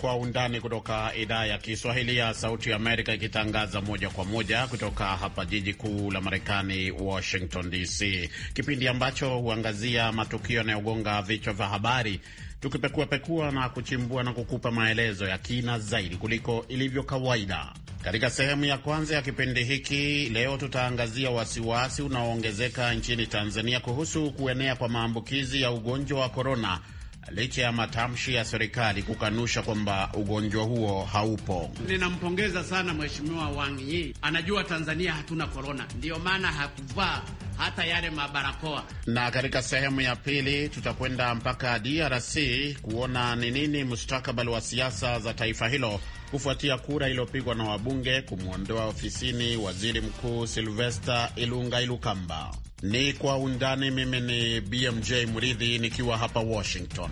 Kwa Undani kutoka idhaa ya Kiswahili ya Sauti Amerika, ikitangaza moja kwa moja kutoka hapa jiji kuu la Marekani, Washington DC, kipindi ambacho huangazia matukio yanayogonga vichwa vya habari, tukipekuapekua na kuchimbua na kukupa maelezo ya kina zaidi kuliko ilivyo kawaida. Katika sehemu ya kwanza ya kipindi hiki leo, tutaangazia wasiwasi unaoongezeka nchini Tanzania kuhusu kuenea kwa maambukizi ya ugonjwa wa korona licha ya matamshi ya serikali kukanusha kwamba ugonjwa huo haupo. Ninampongeza sana Mheshimiwa Wang Yi, anajua Tanzania hatuna korona, ndiyo maana hakuvaa hata yale mabarakoa. Na katika sehemu ya pili tutakwenda mpaka DRC kuona ni nini mustakabali wa siasa za taifa hilo kufuatia kura iliyopigwa na wabunge kumwondoa ofisini waziri mkuu Silvester Ilunga Ilukamba. Ni kwa undani. Mimi ni BMJ Mridhi nikiwa hapa Washington.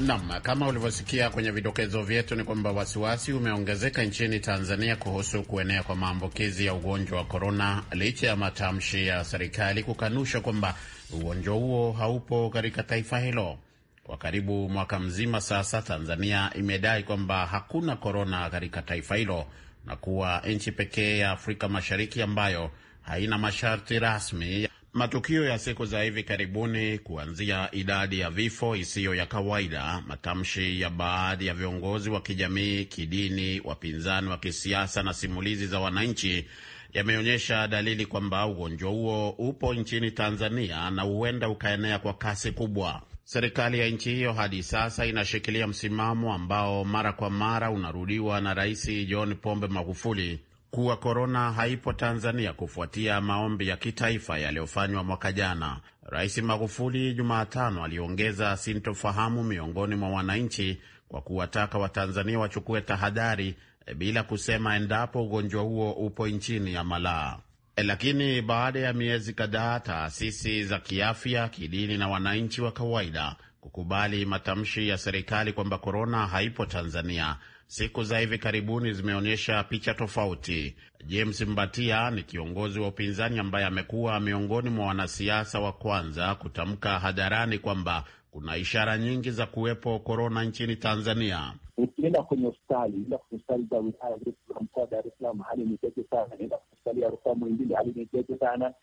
nam kama ulivyosikia kwenye vidokezo vyetu ni kwamba wasiwasi umeongezeka nchini Tanzania kuhusu kuenea kwa maambukizi ya ugonjwa wa korona, licha ya matamshi ya serikali kukanusha kwamba ugonjwa huo haupo katika taifa hilo. Kwa karibu mwaka mzima sasa, Tanzania imedai kwamba hakuna korona katika taifa hilo na kuwa nchi pekee ya Afrika Mashariki ambayo haina masharti rasmi Matukio ya siku za hivi karibuni, kuanzia idadi ya vifo isiyo ya kawaida, matamshi ya baadhi ya viongozi wa kijamii, kidini, wapinzani wa kisiasa na simulizi za wananchi yameonyesha dalili kwamba ugonjwa huo upo nchini Tanzania na huenda ukaenea kwa kasi kubwa. Serikali ya nchi hiyo hadi sasa inashikilia msimamo ambao mara kwa mara unarudiwa na Rais John Pombe Magufuli kuwa korona haipo Tanzania kufuatia maombi ya kitaifa yaliyofanywa mwaka jana. Rais Magufuli Jumatano aliongeza sintofahamu miongoni mwa wananchi kwa kuwataka Watanzania wachukue tahadhari e, bila kusema endapo ugonjwa huo upo nchini ya malaa. E, lakini baada ya miezi kadhaa, taasisi za kiafya, kidini na wananchi wa kawaida kukubali matamshi ya serikali kwamba korona haipo Tanzania, siku za hivi karibuni zimeonyesha picha tofauti. James Mbatia ni kiongozi wa upinzani ambaye amekuwa miongoni mwa wanasiasa wa kwanza kutamka hadharani kwamba kuna ishara nyingi za kuwepo korona nchini Tanzania. Ukienda kwenye hospitali, enda hospitali za wilaya mkoa wa Dar es Salaam, hali ni jeje sana. kwenye hospitali ya rufaa Muhimbili, hali ni jeje sana.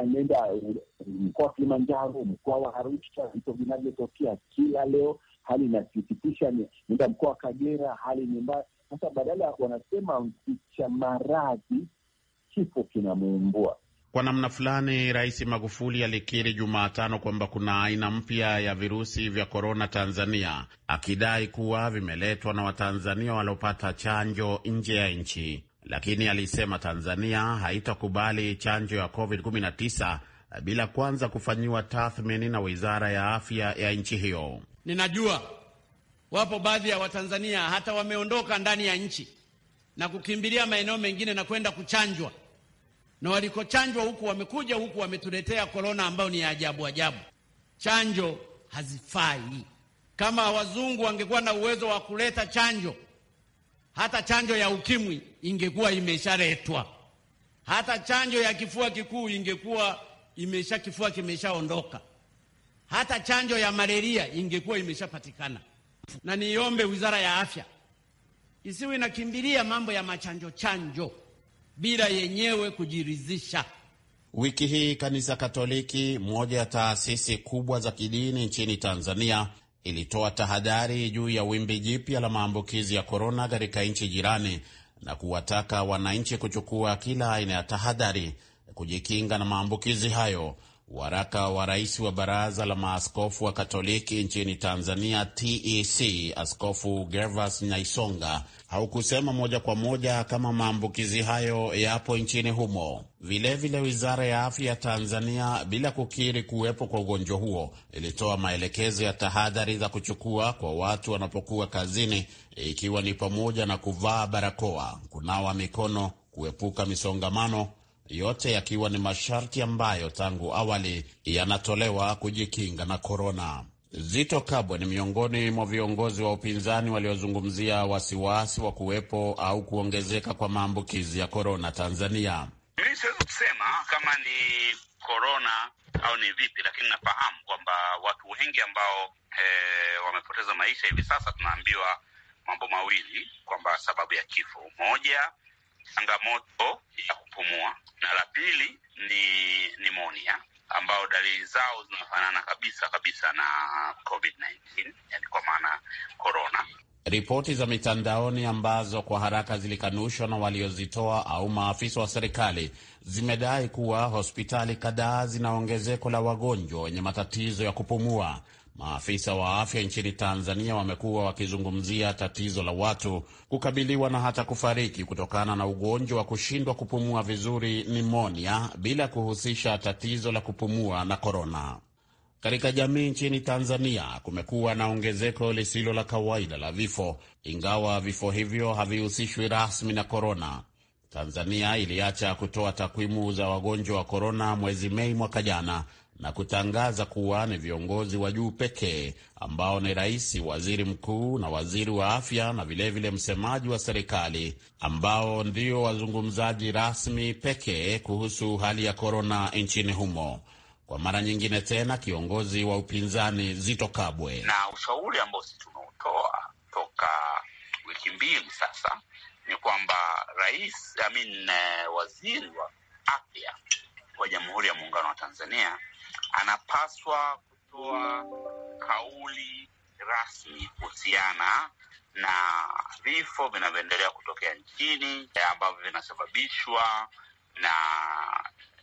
Anaenda eh, mkoa wa Kilimanjaro, mkoa wa Arusha, vitu vinavyotokea kila leo hali inasikitisha. Nenda mkoa wa Kagera, hali ni mbaya. Sasa badala ya wanasema mficha maradhi, kifo kinamuumbua. Kwa namna fulani, Rais Magufuli alikiri Jumatano kwamba kuna aina mpya ya virusi vya korona Tanzania, akidai kuwa vimeletwa na Watanzania waliopata chanjo nje ya nchi, lakini alisema Tanzania haitakubali chanjo ya COVID-19 bila kwanza kufanyiwa tathmini na Wizara ya Afya ya nchi hiyo. Ninajua wapo baadhi ya Watanzania hata wameondoka ndani ya nchi na kukimbilia maeneo mengine na kwenda kuchanjwa, na walikochanjwa huku wamekuja huku wametuletea korona ambayo ni ya ajabu ajabu. Chanjo hazifai. Kama wazungu wangekuwa na uwezo wa kuleta chanjo, hata chanjo ya ukimwi ingekuwa imeshaletwa, hata chanjo ya kifua kikuu ingekuwa imesha kifua kimeshaondoka hata chanjo ya malaria ingekuwa imeshapatikana. Na niombe wizara ya afya isiwe inakimbilia mambo ya machanjo chanjo bila yenyewe kujiridhisha. Wiki hii kanisa Katoliki, moja ya taasisi kubwa za kidini nchini Tanzania, ilitoa tahadhari juu ya wimbi jipya la maambukizi ya korona katika nchi jirani na kuwataka wananchi kuchukua kila aina ya tahadhari kujikinga na maambukizi hayo. Waraka wa rais wa baraza la maaskofu wa Katoliki nchini Tanzania, TEC, Askofu Gervas Nyaisonga haukusema moja kwa moja kama maambukizi hayo yapo nchini humo. Vilevile vile wizara ya afya ya Tanzania, bila kukiri kuwepo kwa ugonjwa huo, ilitoa maelekezo ya tahadhari za kuchukua kwa watu wanapokuwa kazini, ikiwa ni pamoja na kuvaa barakoa, kunawa mikono, kuepuka misongamano yote yakiwa ni masharti ambayo tangu awali yanatolewa kujikinga na korona. Zito Kabwe ni miongoni mwa viongozi wa upinzani waliozungumzia wasiwasi wa kuwepo au kuongezeka kwa maambukizi ya korona Tanzania. Mimi siwezi kusema kama ni korona au ni vipi, lakini nafahamu kwamba watu wengi ambao e, wamepoteza maisha hivi sasa, tunaambiwa mambo mawili kwamba sababu ya kifo moja changamoto ya kupumua, na la pili ni nimonia ambao dalili zao zinafanana kabisa kabisa na COVID-19, yani kwa maana corona. Ripoti za mitandaoni ambazo kwa haraka zilikanushwa na waliozitoa au maafisa wa serikali zimedai kuwa hospitali kadhaa zina ongezeko la wagonjwa wenye matatizo ya kupumua Maafisa wa afya nchini Tanzania wamekuwa wakizungumzia tatizo la watu kukabiliwa na hata kufariki kutokana na ugonjwa wa kushindwa kupumua vizuri nimonia, bila kuhusisha tatizo la kupumua na korona. Katika jamii nchini Tanzania kumekuwa na ongezeko lisilo la kawaida la vifo, ingawa vifo hivyo havihusishwi rasmi na korona. Tanzania iliacha kutoa takwimu za wagonjwa wa korona mwezi Mei mwaka jana na kutangaza kuwa ni viongozi wa juu pekee ambao ni rais, waziri mkuu na waziri wa afya na vilevile vile msemaji wa serikali ambao ndio wazungumzaji rasmi pekee kuhusu hali ya korona nchini humo. Kwa mara nyingine tena, kiongozi wa upinzani Zito Kabwe, na ushauri ambao sisi tunaotoa toka wiki mbili sasa ni kwamba rais amin, eh, waziri wa afya wa Jamhuri ya Muungano wa Tanzania anapaswa kutoa kauli rasmi kuhusiana na vifo vinavyoendelea kutokea nchini ambavyo vinasababishwa na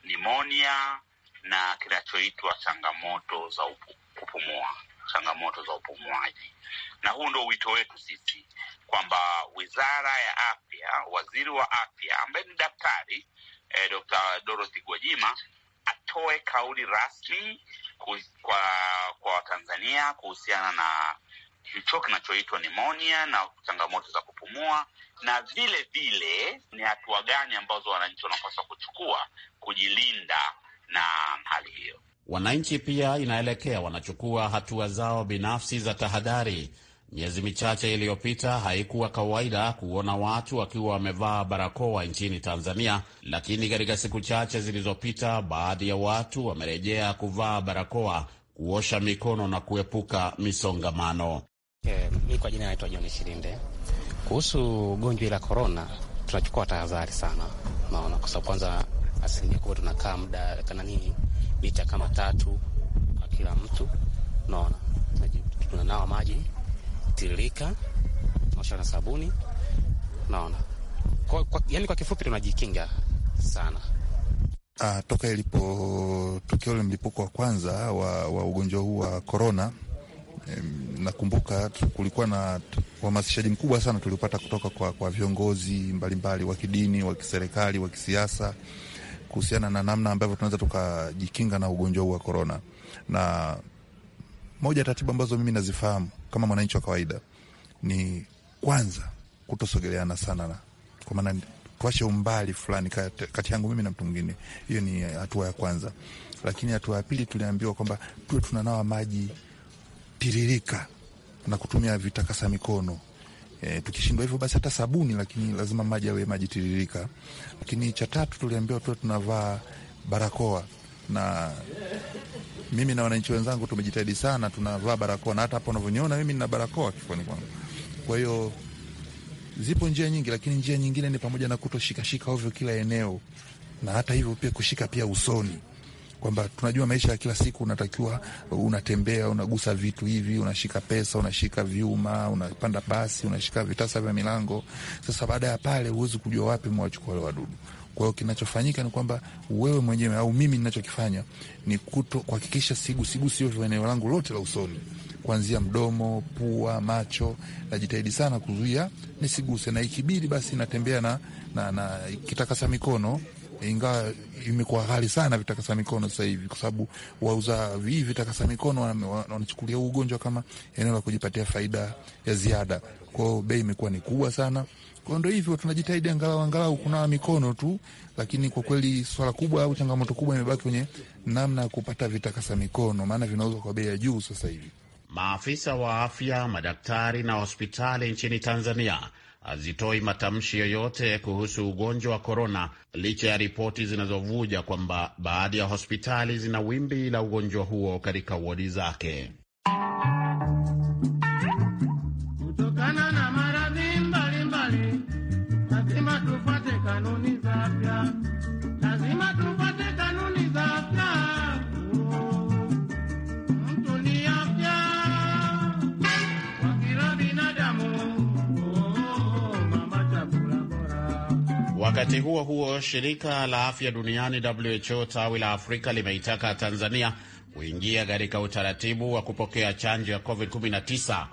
nimonia na kinachoitwa changamoto za kupumua, changamoto za upumuaji. Na huu ndo wito wetu sisi kwamba wizara ya afya, waziri wa afya ambaye ni daktari eh, Dr. Dorothy Gwajima atoe kauli rasmi kwa kwa Watanzania kuhusiana na hicho kinachoitwa nimonia na changamoto za kupumua, na vile vile ni hatua gani ambazo wananchi wanapaswa kuchukua kujilinda na hali hiyo. Wananchi pia inaelekea wanachukua hatua zao binafsi za tahadhari Miezi michache iliyopita haikuwa kawaida kuona watu wakiwa wamevaa barakoa nchini Tanzania, lakini katika siku chache zilizopita baadhi ya watu wamerejea kuvaa barakoa, kuosha mikono na kuepuka misongamano. Eh, mi kwa jina naitwa John Shirinde. Kuhusu gonjwa la korona, tunachukua tahadhari sana, naona kwa sababu kwanza asilimia kubwa tunakaa muda kananii mita kama tatu kwa kila mtu, naona tunanawa maji tiririka, naosha na sabuni, naona kwa, kwa, yani kwa kifupi tunajikinga sana. Ah, toka ilipo tukio la mlipuko wa kwanza wa, wa ugonjwa huu wa korona nakumbuka kulikuwa na uhamasishaji mkubwa sana tuliopata kutoka kwa, kwa viongozi mbalimbali wa kidini, wa kiserikali, wa kisiasa kuhusiana na namna ambavyo tunaweza tukajikinga na ugonjwa huu wa korona. Na moja ya taratibu ambazo mimi nazifahamu kama mwananchi wa kawaida ni kwanza kutosogeleana sana na kwa maana tuache umbali fulani kati yangu mimi na mtu mwingine. Hiyo ni hatua ya kwanza, lakini hatua ya pili tuliambiwa kwamba tuwe tunanawa maji tiririka na kutumia vitakasa mikono. E, tukishindwa hivyo basi hata sabuni, lakini lazima maji yawe maji tiririka. Lakini cha tatu tuliambiwa tuwe tunavaa barakoa na mimi na wananchi wenzangu tumejitahidi sana, tunavaa barakoa na hata hapo unavyoniona mimi nina barakoa kifuani kwangu. Kwa hiyo zipo njia nyingi, lakini njia nyingine ni pamoja na kutoshikashika ovyo kila eneo, na hata hivyo pia kushika pia usoni kwamba tunajua maisha ya kila siku, unatakiwa unatembea, unagusa vitu hivi, unashika pesa, unashika vyuma, unapanda basi, unashika vitasa vya milango. Sasa baada ya pale, huwezi kujua wapi mwachukua wale wadudu. Kwa hiyo kinachofanyika ni kwamba wewe mwenyewe au mimi ninachokifanya ni kuto kuhakikisha sigusigusii ovyo eneo langu lote la usoni, kuanzia mdomo, pua, macho. Najitahidi sana kuzuia nisiguse, na ikibidi basi natembea na, na, na kitakasa mikono ingawa imekuwa ghali sana vitakasa mikono sasa hivi, kwa sababu wauza hivi vitakasa mikono wanachukulia huu ugonjwa kama eneo la kujipatia faida ya ziada. kwao, bei imekuwa ni kubwa sana. Kwa ndo hivyo tunajitahidi angalau angalau kunawa mikono tu, lakini kwa kweli swala kubwa au changamoto kubwa imebaki kwenye namna ya kupata vitakasa mikono, maana vinauzwa kwa bei ya juu sasa hivi. Maafisa wa afya, madaktari na hospitali nchini Tanzania hazitoi matamshi yoyote kuhusu ugonjwa wa korona licha ya ripoti zinazovuja kwamba baadhi ya hospitali zina wimbi la ugonjwa huo katika wodi zake. Wakati huo huo, shirika la afya duniani WHO tawi la Afrika limeitaka Tanzania kuingia katika utaratibu wa kupokea chanjo ya COVID-19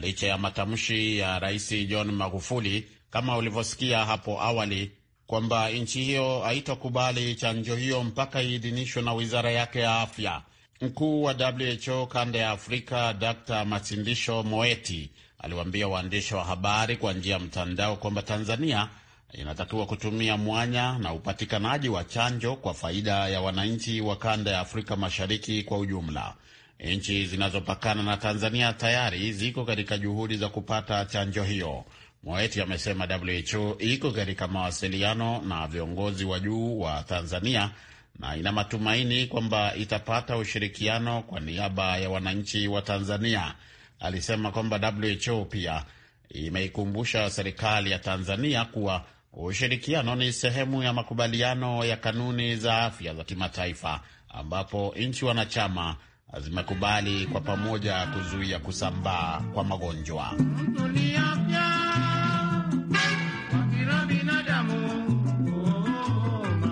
licha ya matamshi ya Rais John Magufuli, kama ulivyosikia hapo awali, kwamba nchi hiyo haitakubali chanjo hiyo mpaka iidhinishwe na wizara yake ya afya. Mkuu wa WHO kanda ya Afrika Dr matindisho Moeti aliwaambia waandishi wa habari kwa njia ya mtandao kwamba Tanzania inatakiwa kutumia mwanya na upatikanaji wa chanjo kwa faida ya wananchi wa kanda ya Afrika Mashariki kwa ujumla. Nchi zinazopakana na Tanzania tayari ziko katika juhudi za kupata chanjo hiyo. Moeti amesema WHO iko katika mawasiliano na viongozi wa juu wa Tanzania na ina matumaini kwamba itapata ushirikiano kwa niaba ya wananchi wa Tanzania. Alisema kwamba WHO pia imeikumbusha serikali ya Tanzania kuwa Ushirikiano ni sehemu ya makubaliano ya kanuni za afya za kimataifa ambapo nchi wanachama zimekubali kwa pamoja kuzuia kusambaa kwa magonjwa.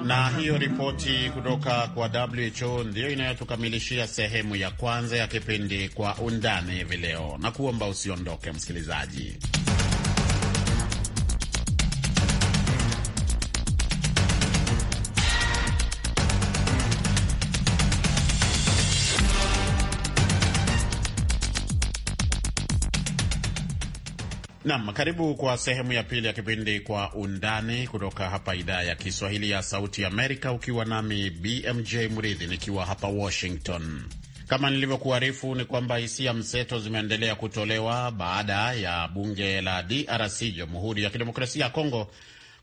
Na hiyo ripoti kutoka kwa WHO ndiyo inayotukamilishia sehemu ya kwanza ya kipindi Kwa Undani hivi leo, na kuomba usiondoke msikilizaji. Nam, karibu kwa sehemu ya pili ya kipindi Kwa Undani kutoka hapa idhaa ya Kiswahili ya Sauti Amerika, ukiwa nami BMJ Mridhi nikiwa hapa Washington. Kama nilivyokuarifu ni kwamba hisia mseto zimeendelea kutolewa baada ya bunge la DRC, Jamhuri ya Kidemokrasia ya Kongo,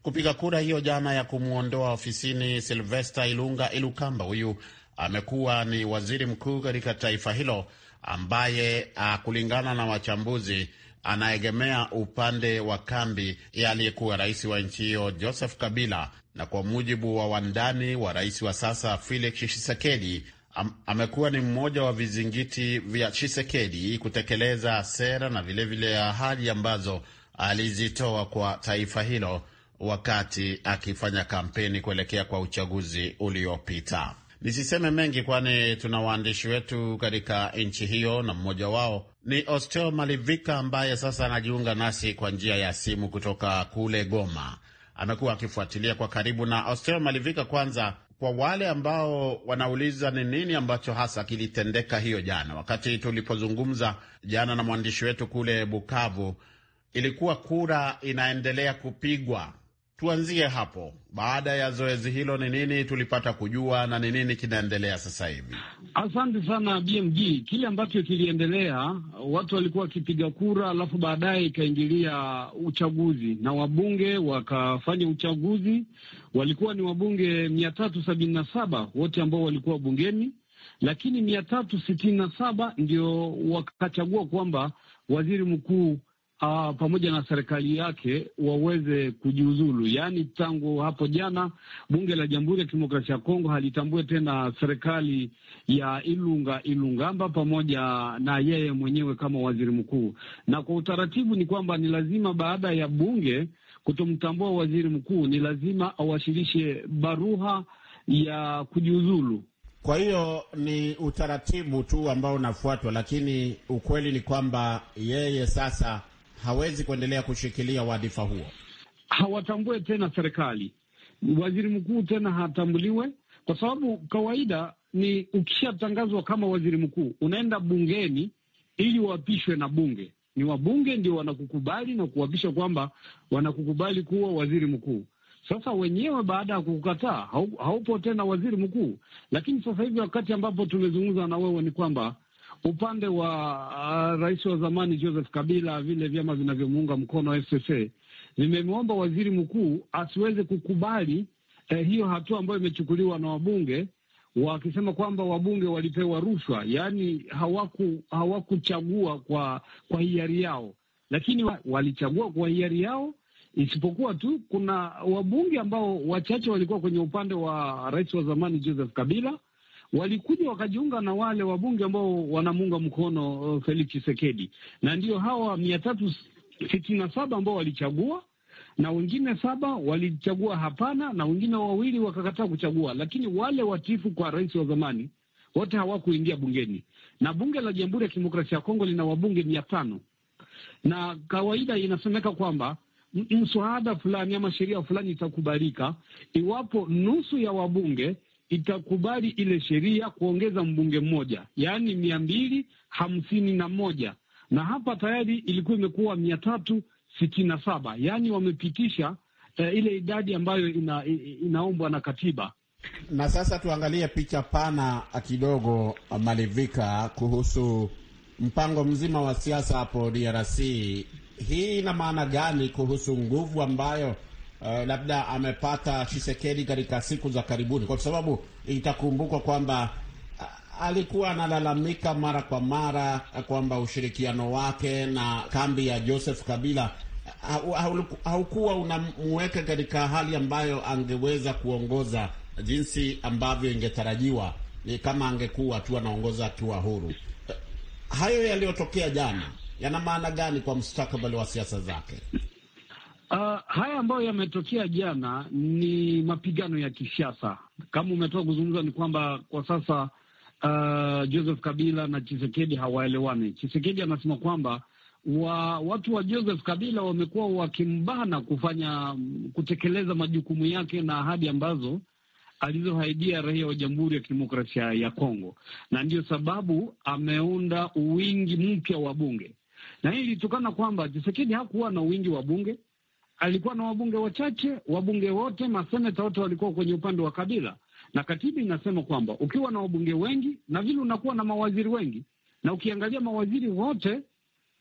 kupiga kura hiyo jana ya kumwondoa ofisini Silvesta Ilunga Ilukamba. Huyu amekuwa ni waziri mkuu katika taifa hilo ambaye, ah, kulingana na wachambuzi anaegemea upande wa kambi ya aliyekuwa rais wa nchi hiyo Joseph Kabila, na kwa mujibu wa wandani wa rais wa sasa Felix Tshisekedi am, amekuwa ni mmoja wa vizingiti vya Tshisekedi kutekeleza sera na vilevile ahadi ambazo alizitoa kwa taifa hilo wakati akifanya kampeni kuelekea kwa uchaguzi uliopita. Nisiseme mengi, kwani tuna waandishi wetu katika nchi hiyo na mmoja wao ni Ostel Malivika ambaye sasa anajiunga nasi kwa njia ya simu kutoka kule Goma. Amekuwa akifuatilia kwa karibu. Na Ostel Malivika, kwanza kwa wale ambao wanauliza ni nini ambacho hasa kilitendeka hiyo jana, wakati tulipozungumza jana na mwandishi wetu kule Bukavu, ilikuwa kura inaendelea kupigwa Tuanzie hapo. Baada ya zoezi hilo, ni nini tulipata kujua na ni nini kinaendelea sasa hivi? Asante sana BMG. Kile ambacho kiliendelea, watu walikuwa wakipiga kura, alafu baadaye ikaingilia uchaguzi na wabunge wakafanya uchaguzi. Walikuwa ni wabunge mia tatu sabini na saba wote ambao walikuwa bungeni, lakini mia tatu sitini na saba ndio wakachagua kwamba waziri mkuu aa, ah, pamoja na serikali yake waweze kujiuzulu. Yaani, tangu hapo jana bunge la Jamhuri ya Kidemokrasia ya Kongo halitambue tena serikali ya Ilunga Ilungamba pamoja na yeye mwenyewe kama waziri mkuu, na kwa utaratibu ni kwamba ni lazima baada ya bunge kutomtambua waziri mkuu ni lazima awasilishe barua ya kujiuzulu. Kwa hiyo ni utaratibu tu ambao unafuatwa, lakini ukweli ni kwamba yeye sasa hawezi kuendelea kushikilia wadhifa huo. Hawatambue tena serikali, waziri mkuu tena hatambuliwe, kwa sababu kawaida ni ukishatangazwa kama waziri mkuu unaenda bungeni ili uapishwe na bunge. Ni wabunge ndio wanakukubali na kuapisha kwamba wanakukubali kuwa waziri mkuu. Sasa wenyewe baada ya kukukataa haupo tena waziri mkuu. Lakini sasa hivi wakati ambapo tumezungumza na wewe ni kwamba Upande wa uh, rais wa zamani Joseph Kabila, vile vyama vinavyomuunga mkono FCC vimemwomba waziri mkuu asiweze kukubali eh, hiyo hatua ambayo imechukuliwa na wabunge wakisema kwamba wabunge walipewa rushwa, yaani hawaku hawakuchagua kwa kwa hiari yao, lakini walichagua kwa hiari yao, isipokuwa tu kuna wabunge ambao wachache walikuwa kwenye upande wa rais wa zamani Joseph Kabila walikuja wakajiunga na wale wabunge ambao wanamuunga mkono uh, Felix Tshisekedi, na ndio hawa mia tatu sitini na saba ambao walichagua na wengine saba walichagua hapana, na wengine wawili wakakataa kuchagua, lakini wale watifu kwa rais wa zamani wote hawakuingia bungeni, na bunge la Jamhuri ya Kidemokrasia ya Kongo lina wabunge mia tano na kawaida inasemeka kwamba mswada fulani ama sheria fulani itakubalika iwapo nusu ya wabunge itakubali ile sheria kuongeza mbunge mmoja, yaani mia mbili hamsini na moja na hapa tayari ilikuwa imekuwa mia tatu sitini na saba yaani wamepitisha uh, ile idadi ambayo ina, inaombwa na katiba. Na sasa tuangalie picha pana kidogo, Malivika, kuhusu mpango mzima wa siasa hapo DRC. Hii ina maana gani kuhusu nguvu ambayo uh, labda amepata chisekedi katika siku za karibuni, kwa sababu itakumbukwa kwamba eh, alikuwa analalamika mara kwa mara kwamba ushirikiano wake na kambi ya Joseph Kabila eh, haukuwa unamweka katika hali ambayo angeweza kuongoza jinsi ambavyo ingetarajiwa kama angekuwa tu anaongoza akiwa huru. Hayo yaliyotokea jana yana maana gani kwa mustakabali wa siasa zake? Uh, haya ambayo yametokea jana ni mapigano ya kisiasa. Kama umetoka kuzungumza, ni kwamba kwa sasa uh, Joseph Kabila na Chisekedi hawaelewani. Chisekedi anasema kwamba wa watu wa Joseph Kabila wamekuwa wakimbana kufanya kutekeleza majukumu yake na ahadi ambazo alizohaidia raia wa Jamhuri ya Kidemokrasia ya Kongo, na ndiyo sababu ameunda uwingi mpya wa bunge, na hii ilitokana kwamba Chisekedi hakuwa na uwingi wa bunge alikuwa na wabunge wachache. Wabunge wote, maseneta wote walikuwa kwenye upande wa Kabila, na katiba inasema kwamba ukiwa na wabunge wengi na vile unakuwa na mawaziri wengi, na ukiangalia mawaziri wote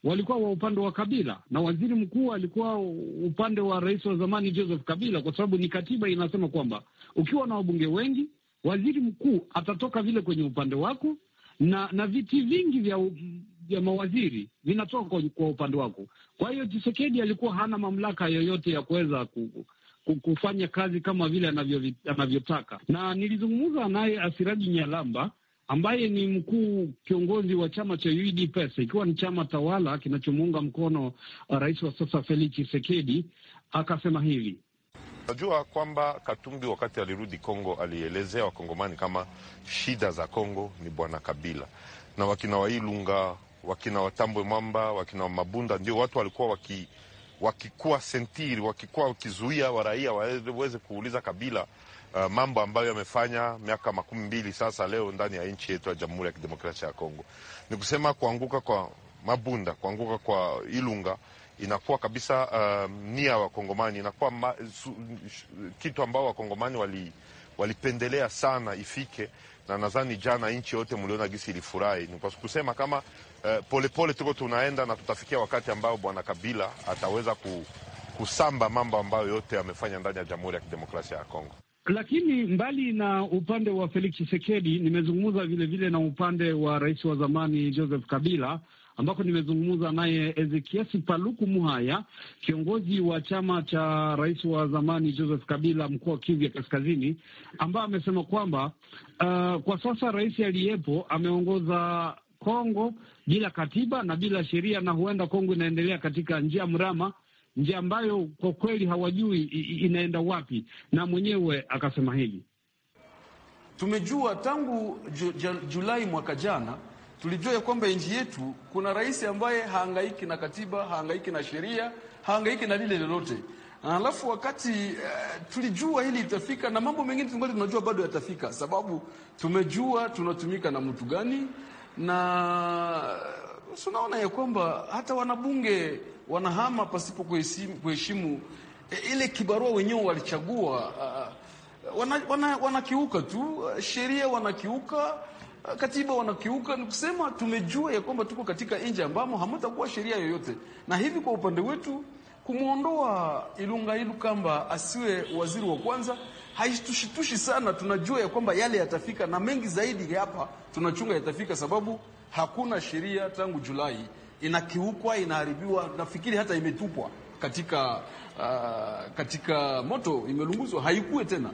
walikuwa wa upande wa Kabila na waziri mkuu alikuwa upande wa rais wa zamani Joseph Kabila, kwa sababu ni katiba inasema kwamba ukiwa na wabunge wengi, waziri mkuu atatoka vile kwenye upande wako, na na viti vingi vya vya mawaziri vinatoka kwa upande wako. Kwa hiyo Tshisekedi alikuwa hana mamlaka yoyote ya kuweza ku kufanya kazi kama vile anavyotaka, na nilizungumza naye Asiraji Nyalamba ambaye ni mkuu kiongozi wa chama cha UDPS ikiwa ni chama tawala kinachomuunga mkono uh, rais wa sasa Felix Tshisekedi, akasema hivi: najua kwamba Katumbi wakati alirudi Kongo alielezea wakongomani kama shida za Kongo ni bwana Kabila na wakina Wailunga wakina Watambwe Mwamba, wakina Mabunda ndio watu walikuwa waki, wakikuwa sentiri wakikuwa wakizuia waraia waweze kuuliza Kabila uh, mambo ambayo yamefanya miaka makumi mbili sasa leo ndani ya nchi yetu ya Jamhuri ya Kidemokrasia ya Kongo. Ni kusema kuanguka kwa Mabunda, kuanguka kwa Ilunga inakuwa kabisa uh, nia Wakongomani inakuwa ma, su, kitu ambao Wakongomani wali, walipendelea sana ifike na nadhani jana nchi yote mliona gisi ilifurahi. Ni kwa kusema kama polepole eh, uh, pole tuko tunaenda na tutafikia wakati ambao bwana Kabila ataweza ku, kusamba mambo ambayo yote amefanya ndani ya Jamhuri ya Kidemokrasia ya Kongo. Lakini mbali na upande wa Felix chisekedi nimezungumza vilevile na upande wa rais wa zamani Joseph Kabila ambako nimezungumza naye Ezekias Paluku Muhaya, kiongozi wa chama cha rais wa zamani Joseph Kabila mkoa wa Kivu ya Kaskazini, ambaye amesema kwamba uh, kwa sasa rais aliyepo ameongoza Kongo bila katiba na bila sheria, na huenda Kongo inaendelea katika njia mrama, njia ambayo kwa kweli hawajui inaenda wapi, na mwenyewe akasema hili Tumejua tangu Julai mwaka jana tulijua ya kwamba nchi yetu kuna rais ambaye haangaiki na katiba, haangaiki na sheria, haangaiki na lile lolote. Alafu wakati uh, tulijua hili itafika, na mambo mengine tungali tunajua bado yatafika, sababu tumejua tunatumika na mtu gani, na eh, tunaona ya kwamba hata wanabunge wanahama pasipo kuheshimu eh, ile kibarua wenyewe walichagua. Uh, ah, wanakiuka ah, wana, wana tu sheria, wanakiuka Ah, katiba wanakiuka, ni kusema tumejua ya kwamba tuko katika nchi ambamo hamtakuwa sheria yoyote, na hivi kwa upande wetu kumwondoa Ilungailu Kamba asiwe waziri wa kwanza haitushitushi sana. Tunajua ya kwamba yale yatafika na mengi zaidi hapa tunachunga yatafika, sababu hakuna sheria tangu Julai inakiukwa, inaharibiwa, nafikiri hata imetupwa katika, uh, katika moto, imelunguzwa, haikuwe tena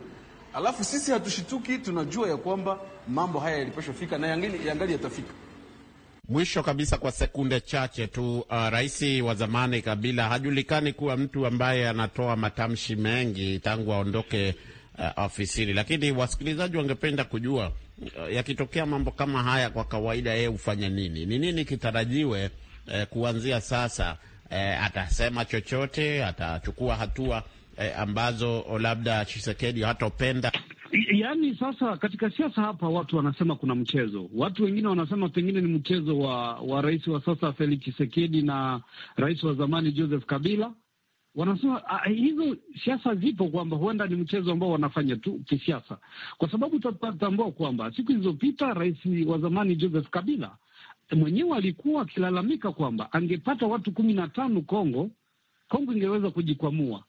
alafu sisi hatushituki, tunajua ya kwamba mambo haya fika na yangali, yangali yatafika. Mwisho kabisa kwa sekunde chache tu, uh, rais wa zamani Kabila hajulikani kuwa mtu ambaye anatoa matamshi mengi tangu aondoke uh, ofisini, lakini wasikilizaji wangependa kujua uh, yakitokea mambo kama haya, kwa kawaida yeye hufanya nini? Ni nini kitarajiwe uh, kuanzia sasa? Uh, atasema chochote? Atachukua hatua eh, ambazo oh, labda Chisekedi hatopenda? Yaani sasa katika siasa hapa watu wanasema kuna mchezo, watu wengine wanasema pengine ni mchezo wa, wa rais wa sasa Felix Chisekedi na rais wa zamani Joseph Kabila wanasema ah, eh, hizo siasa zipo, kwamba huenda ni mchezo ambao wanafanya tu kisiasa, kwa sababu tutatambua kwamba siku zilizopita rais wa zamani Joseph Kabila mwenyewe alikuwa akilalamika kwamba angepata watu kumi na tano Kongo, Kongo ingeweza kujikwamua.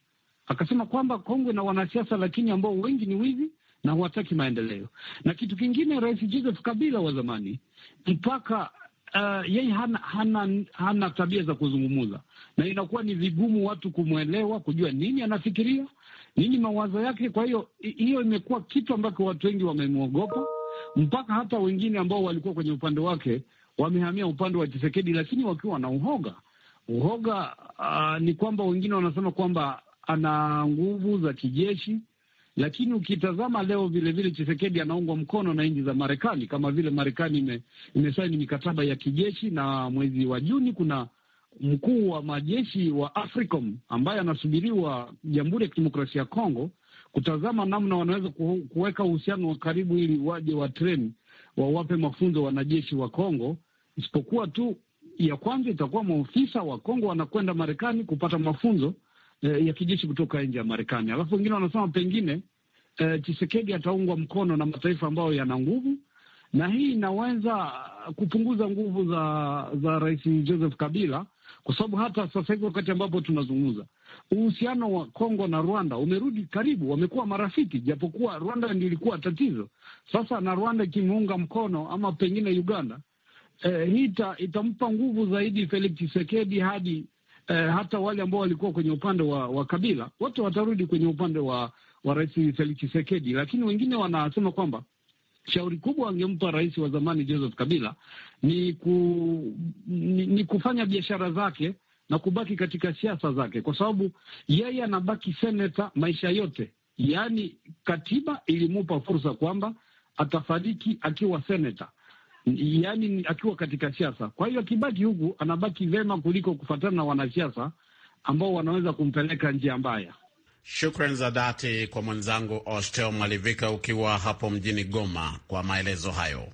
Akasema kwamba kongwe na wanasiasa lakini ambao wengi ni wizi na hawataki maendeleo. Na kitu kingine, Rais Joseph Kabila wa zamani mpaka uh, yeye hana, hana, hana tabia za kuzungumuza na inakuwa ni vigumu watu kumwelewa, kujua nini anafikiria, nini mawazo yake. Kwa hiyo hiyo imekuwa kitu ambacho watu wengi wamemwogopa, mpaka hata wengine ambao walikuwa kwenye upande wake wamehamia upande wa Chisekedi, lakini wakiwa na uhoga uhoga. Uh, ni kwamba wengine wanasema kwamba ana nguvu za kijeshi, lakini ukitazama leo vilevile Chisekedi anaungwa mkono na nchi za Marekani, kama vile Marekani imesaini mikataba ya kijeshi, na mwezi wa Juni kuna mkuu wa majeshi wa AFRICOM ambaye anasubiriwa Jamhuri ya Kidemokrasia ya Kongo kutazama namna wanaweza kuweka uhusiano wa karibu ili waje wa treni wawape mafunzo wanajeshi wa Kongo, isipokuwa tu ya kwanza itakuwa maofisa wa Kongo wanakwenda Marekani kupata mafunzo Eh, ya kijeshi kutoka nje ya Marekani. Alafu wengine wanasema pengine eh, Tshisekedi ataungwa mkono na mataifa ambayo yana nguvu, na hii inaweza kupunguza nguvu za za Rais Joseph Kabila, kwa sababu hata sasa hivi wakati ambapo tunazungumza uhusiano wa Kongo na Rwanda umerudi karibu, wamekuwa marafiki, japokuwa Rwanda ndiyo ilikuwa tatizo. Sasa na Rwanda ikimuunga mkono ama pengine Uganda, eh, hii itampa nguvu zaidi Felix Tshisekedi hadi eh, hata wale ambao walikuwa kwenye upande wa, wa Kabila wote watarudi kwenye upande wa, wa Rais Felix Tshisekedi, lakini wengine wanasema kwamba shauri kubwa angempa rais wa zamani Joseph Kabila ni, ku, ni, ni kufanya biashara zake na kubaki katika siasa zake, kwa sababu yeye anabaki seneta maisha yote. Yaani katiba ilimupa fursa kwamba atafariki akiwa seneta, yani akiwa katika siasa. Kwa hiyo akibaki huku anabaki vema kuliko kufuatana na wanasiasa ambao wanaweza kumpeleka njia mbaya. Shukran za dhati kwa mwenzangu Ostel Malivika ukiwa hapo mjini Goma kwa maelezo hayo.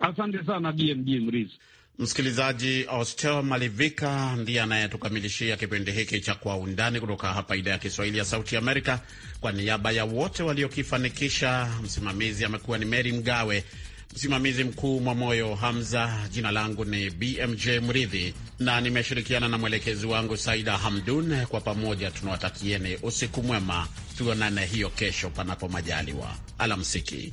Asante sana BMG Mrizi. Msikilizaji, Ostel Malivika ndiye anayetukamilishia kipindi hiki cha Kwa Undani kutoka hapa idhaa ya Kiswahili ya Sauti Amerika. Kwa niaba ya wote waliokifanikisha, msimamizi amekuwa ni Meri Mgawe. Msimamizi mkuu Mwamoyo Hamza. Jina langu ni BMJ Mridhi na nimeshirikiana na mwelekezi wangu Saida Hamdun. Kwa pamoja tunawatakieni usiku mwema, tuonane hiyo kesho, panapo majaliwa. Alamsiki.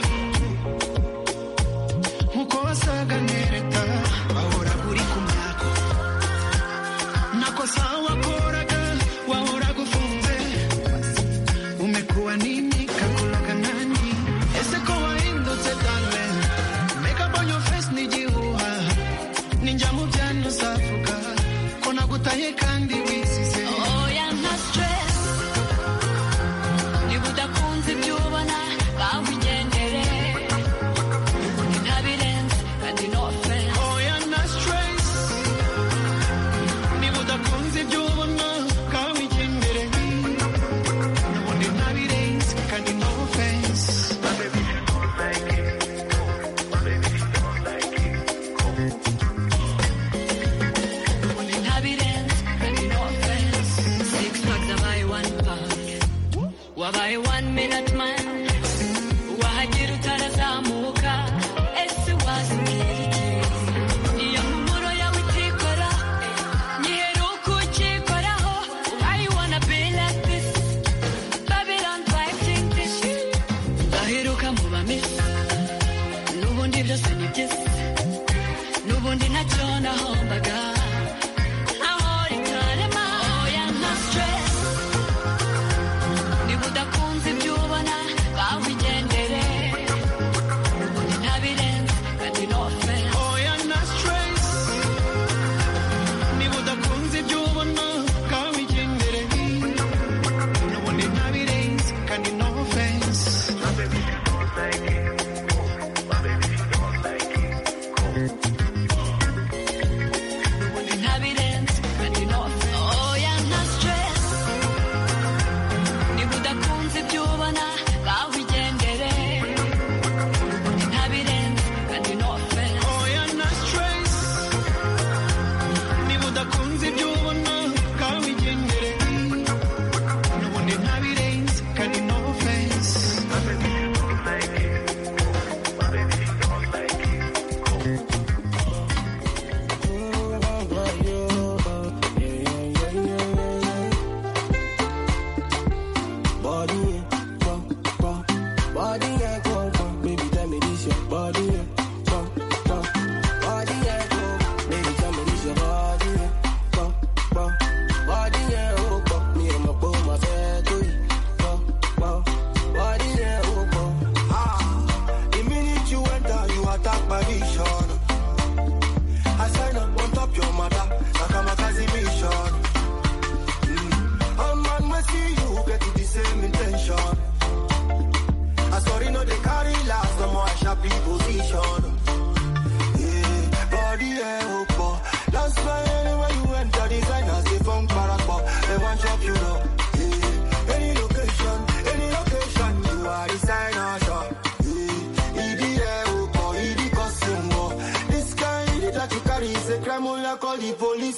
Be not man.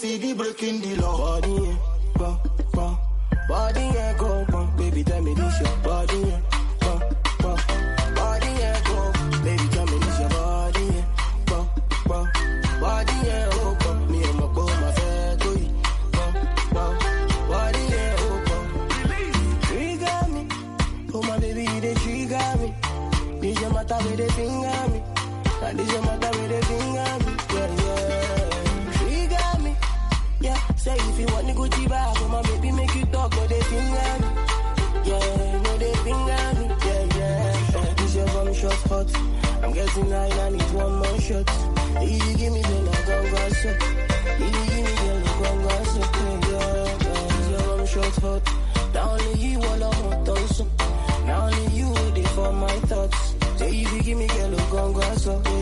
see the breaking the law. Body, yeah, bum, bum. Body, yeah, eh, eh, go, Baby, tell me this your body, yeah, bum, bum. Body, yeah, go. Baby, tell me this your body, yeah, bum, bum. Body, yeah, oh, bum. Me and my boy, my fair, do you, bum, me. Oh, my baby, they trigger me. This your matter with the me. And this your girl tonight, I need one more shot. If you give me the like I'm gonna suck. If you give me the like I'm gonna suck. Yeah, cause your mom shot hot. Now only you all I want also. Now only you there for my thoughts. So if you give me the like I'm gonna suck.